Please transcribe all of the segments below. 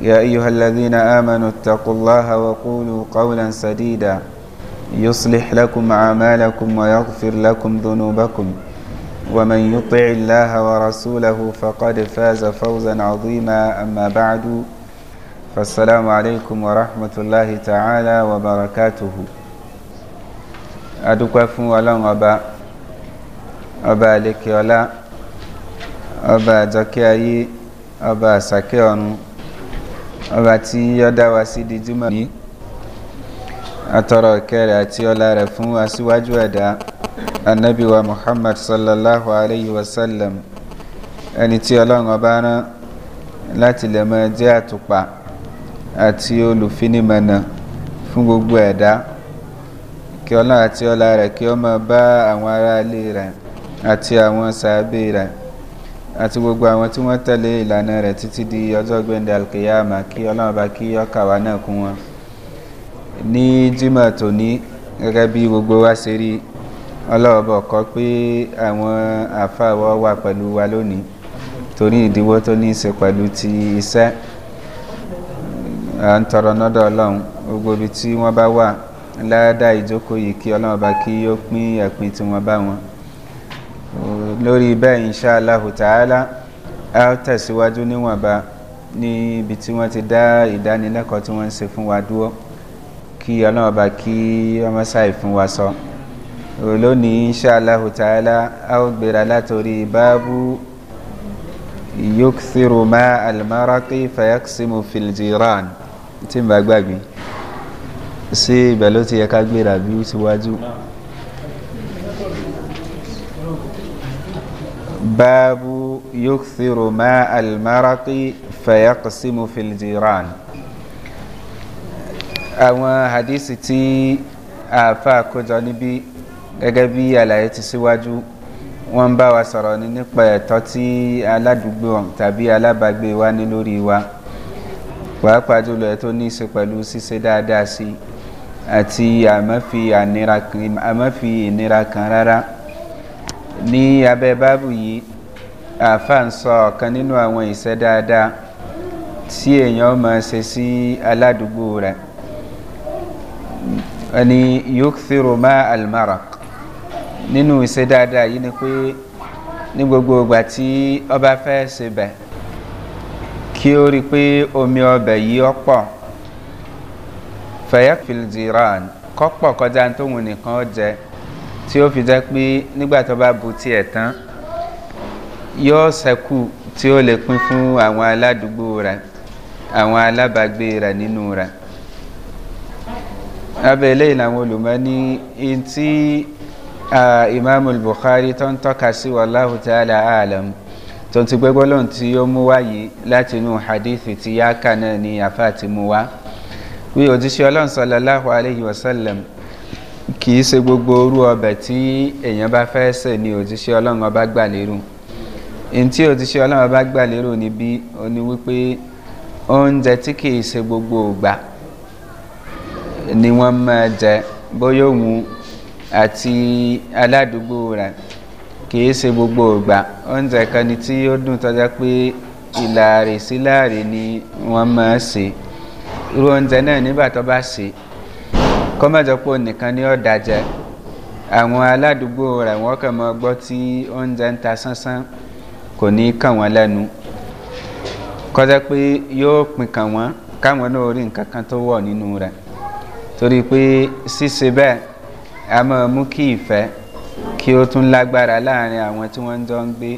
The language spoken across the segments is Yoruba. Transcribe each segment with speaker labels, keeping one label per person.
Speaker 1: يا أيها الذين آمنوا اتقوا الله وقولوا قولا سديدا يصلح لكم أعمالكم ويغفر لكم ذنوبكم ومن يطع الله ورسوله فقد فاز فوزا عظيما أما بعد فالسلام عليكم ورحمة الله تعالى وبركاته أدوك أفو ولا أبا أبا لك ولا أبا زكي أبا سكي ọba tí yọ dá wa sí di júmọ̀ ní àtọ̀rọ̀ kẹrẹ àti ọlá rẹ̀ fún aṣíwájú ẹ̀dá anábíwa muhammad sallallahu alayhi wa sallam ẹni tí ọlọ́run ọba rán láti lè mọ jẹ́ àtùpà àti olùfinimọ̀nà fún gbogbo ẹ̀dá kí ọlọ́run àti ọlá rẹ̀ kí ọ máa bá àwọn aráalé rẹ̀ àti àwọn sàábé rẹ̀ àti gbogbo àwọn tí wọ́n tẹ̀lé ìlànà rẹ̀ títí di ọjọ́ gbẹ̀ndẹ̀ alkiyama kí ọlọ́run bá kí ọkàwá náà kún wọn ní jimá tòní gẹ́gẹ́ bí gbogbo wa ṣe rí ọlọ́run bọ̀ kọ́ pé àwọn àfàwọ́ wà pẹ̀lú wa lónìí torí ìdíwọ́ tó ní í ṣe pẹ̀lú ti iṣẹ́ à ń tọrọ nọ́dọ̀ ọlọ́run gbogbo ibi tí wọ́n bá wà ládàá ìjókòó yìí kí ọlọ́run bá kí ó pín ẹ̀pin tí wọ́n bá wọn lórí bẹ́ẹ̀ insha Allah ta'ala a tẹ̀síwájú níwọ̀nba ní ibi tí wọ́n ti dá ìdánilẹ́kọ̀ọ́ tí wọ́n ń ṣe fún wa dúró kí ọlọ́run bá kí ọmọ sáì fún wa sọ lónìí insha Allah ta'ala a ó gbéra látòrí báábú yukthiru ma almaraqi fayaksimu filjiran tí n bá gbàgbé sí ibẹ̀ ti yẹ ká gbéra bí ó ti wájú. No. باب يكثر ماء المرق فيقسم في الجيران àwọn hadisi tí àáfà kójọ على gẹ́gẹ́ bí àlàyé ti síwájú wọ́n ń bá wa sọ̀rọ̀ ní nípa ẹ̀tọ́ tí aládùúgbò tàbí alábàgbé wa ní lórí wa pàápàá jùlọ ẹ̀ tó ní í ṣe pẹ̀lú ṣíṣe dáadáa sí àti àmọ́fi ìnira kan rárá ní abẹ́ báàbù yìí àáfàá ń sọ ọ̀kan nínú àwọn ìṣe dáadáa tí èèyàn máa ṣe sí aládùúgbò rẹ̀ ẹni yókùtìrò má almarak nínú ìṣe dáadáa yìí ni pé ní gbogbo ìgbà tí ọba fẹ́ ṣe bẹ̀ kí ó rí pé omi ọbẹ̀ yìí ọ̀pọ̀ fẹ̀yẹ́ fìlìdìran kọ́pọ̀ kọjá tóun nìkan jẹ́ tí ó fi jẹ́ pé nígbà tó bá bu tiẹ̀ tán yóò sẹ́kù tí ó lè pín fún àwọn aládùúgbò rẹ̀ àwọn alábàágbé rẹ̀ nínú rẹ̀ abẹ́ eléyìí làwọn olùmọ́ ní tí imaamu buhari tó ń tọ́ka sí wàláhù tààlà àlàm tó ti gbé gbólóhùn tí ó mú wáyé láti inú hadithi ti yáka náà ní àfáà ti mú wá wí òjíṣẹ́ ọlọ́run sọ̀lá láhùn aláhùn wasallam kì í ṣe gbogbo orú ọbẹ̀ tí èèyàn bá fẹ́ sè ni òjíṣẹ́ ọlọ́run ọba gbà lérò n tí òjíṣẹ́ ọlọ́run ọba gbà lérò níbí ó ní wípé oúnjẹ tí kì í ṣe gbogbo ògbà ni wọ́n máa jẹ bóyá òun àti aládùúgbò rẹ̀ kì í ṣe gbogbo ògbà oúnjẹ kan ni tí ó dùn tọ́já pé ìlàrè sí láàrè ni wọ́n máa ṣe irú oúnjẹ náà nígbà tó bá ṣe kọ́mọ̀jọ́ pé nìkan ni ó dàjẹ́ àwọn aládùúgbò rẹ̀ wọ́n kàn mọ́ gbọ́ tí oúnjẹ ń ta sánsán kò ní kàn wọ́n lẹ́nu kọjá pé yóò pin kàn wọ́n káwọn náà rí nǹkan kan tó wọ̀ nínú rẹ̀ torí pé ṣíṣe bẹ́ẹ̀ a máa mú kí ìfẹ́ kí ó tún lágbára láàrin àwọn tí wọ́n jọ ń gbé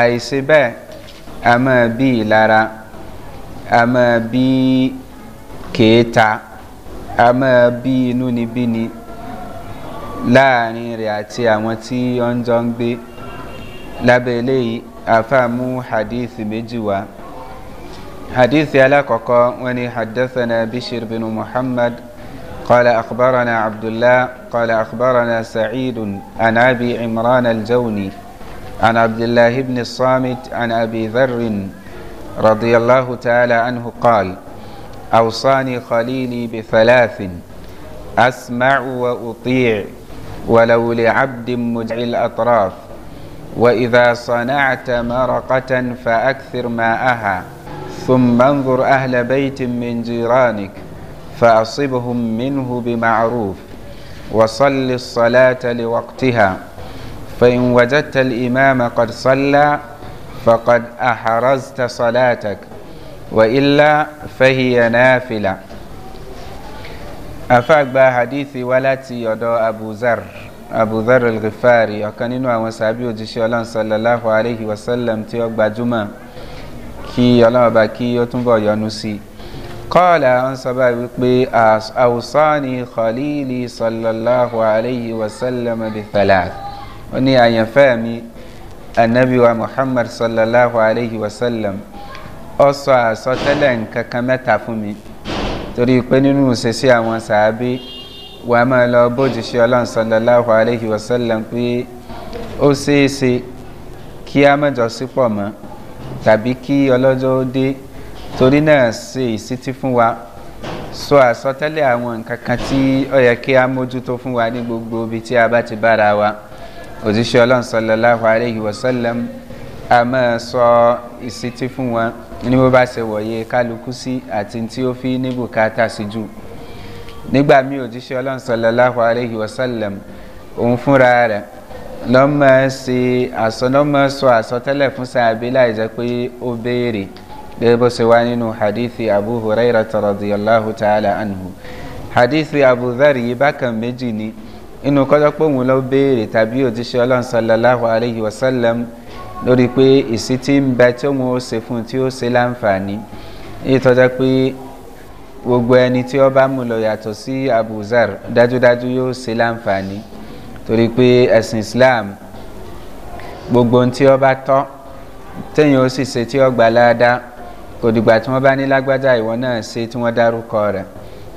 Speaker 1: àìṣe bẹ́ẹ̀ a máa bí ìlara a máa bí kèéta. اما بي نوني بني لا bí ni láàrin rẹ̀ àti àwọn tí ó ń jọ حديث على كوكا وني حدثنا بشير بن محمد قال أخبرنا عبد الله قال أخبرنا سعيد عن أبي عمران الجوني عن عبد الله بن الصامت عن أبي ذر رضي الله تعالى عنه قال أوصاني خليلي بثلاث أسمع وأطيع ولو لعبد مدعي الأطراف وإذا صنعت مرقة فأكثر ماءها ثم انظر أهل بيت من جيرانك فأصبهم منه بمعروف وصل الصلاة لوقتها فإن وجدت الإمام قد صلى فقد أحرزت صلاتك وإلا فهي نافلة أفاق حديثي والتي يدعو أبو ذر أبو ذر الغفاري أكان إنو أوان سابي وجيشي الله صلى الله عليه وسلم تيوك بجمع كي الله باكي يتنبو ينسي قال أن سبا أوصاني خليلي صلى الله عليه وسلم بثلاث وني أن يفهمي النبي محمد صلى الله عليه وسلم ọsọ àsọtẹ́lẹ̀ nǹkan kan mẹ́ta fún mi torí pé nínú ìṣesí àwọn sàábí wàá máa lọ bójú ṣe ọlọ́nsọ̀lọ́láhùn aláhi wasallam pé ó ṣeéṣe kí a mẹ́jọ sí pọ̀ mọ́ tàbí kí ọlọ́jọ́ ó dé torí náà ṣe ìsítí fún wa sọ àsọtẹ́lẹ̀ àwọn nǹkan kan tí ó yẹ kí a mójútó fún wa ní gbogbo ibi tí a bá ti bára wa òjíṣẹ́ ọlọ́nsọ̀lọ́láhùn aláhi wasallam a máa sọ ìsítí fún wa ní bó bá ṣe wọ̀ye kálukú sí àti tí ó fi ní bùkátà sí jù nígbà mí òjíṣẹ́ ọlọ́run sọlọ́láhùn aláhi wasallam òun fúnra rẹ̀ lọ́mọ ṣe àsọlọ́mọ sọ àsọtẹ́lẹ̀ fún sàbí láì jẹ́ pé ó béèrè gẹ́gẹ́ bó ṣe wá nínú hadithi abu huraira tọrọdìyàláhu ta'ala anhu hadithi abu dhari yìí bákan méjì ni inú kọ́jọ́ pé òun ló béèrè tàbí òjíṣẹ́ ọlọ́run sọlọ́láhùn aláhi wasallam lórí pé èsì tí ń bẹ tí òun ó ṣe fún tí ó ṣe láǹfààní èyí pé gbogbo ẹni tí ó mú lọ yàtọ̀ sí abuzar dájúdájú yóò ṣe láǹfààní torí pé ẹ̀sìn islam gbogbo ohun tí ó bá tọ́ téèyàn ó sì ṣe tí ó gbà láadáa kò dìgbà tí wọ́n bá ní lágbájá ìwọ náà ṣe tí wọ́n dárúkọ rẹ̀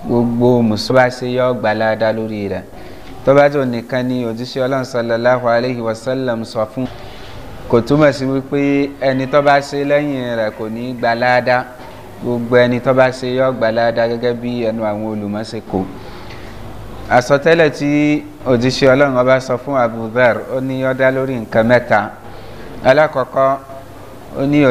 Speaker 1: gbogbo mùsùlùmá ṣe yọ gbà láadáa lórí rẹ̀ tó nìkan ni òjíṣẹ́ ọlọ́run sọlọ́láhu aleyhi wasallam sọ fún kò túmọ̀ sí wípé ẹni tó bá ṣe lẹ́yìn rẹ̀ kò ní gba láàdá gbogbo ẹni tó bá ṣe yọ gba láàdá gẹ́gẹ́ bí ẹnu àwọn olùmọ̀ọ́sẹ̀ kò àsọtẹ́lẹ̀ tí òjíṣẹ́ ọlọ́run ọba sọ fún abudar ó ní ọdá lórí nǹkan mẹ́ta alákọ̀ọ́kọ́ ó ní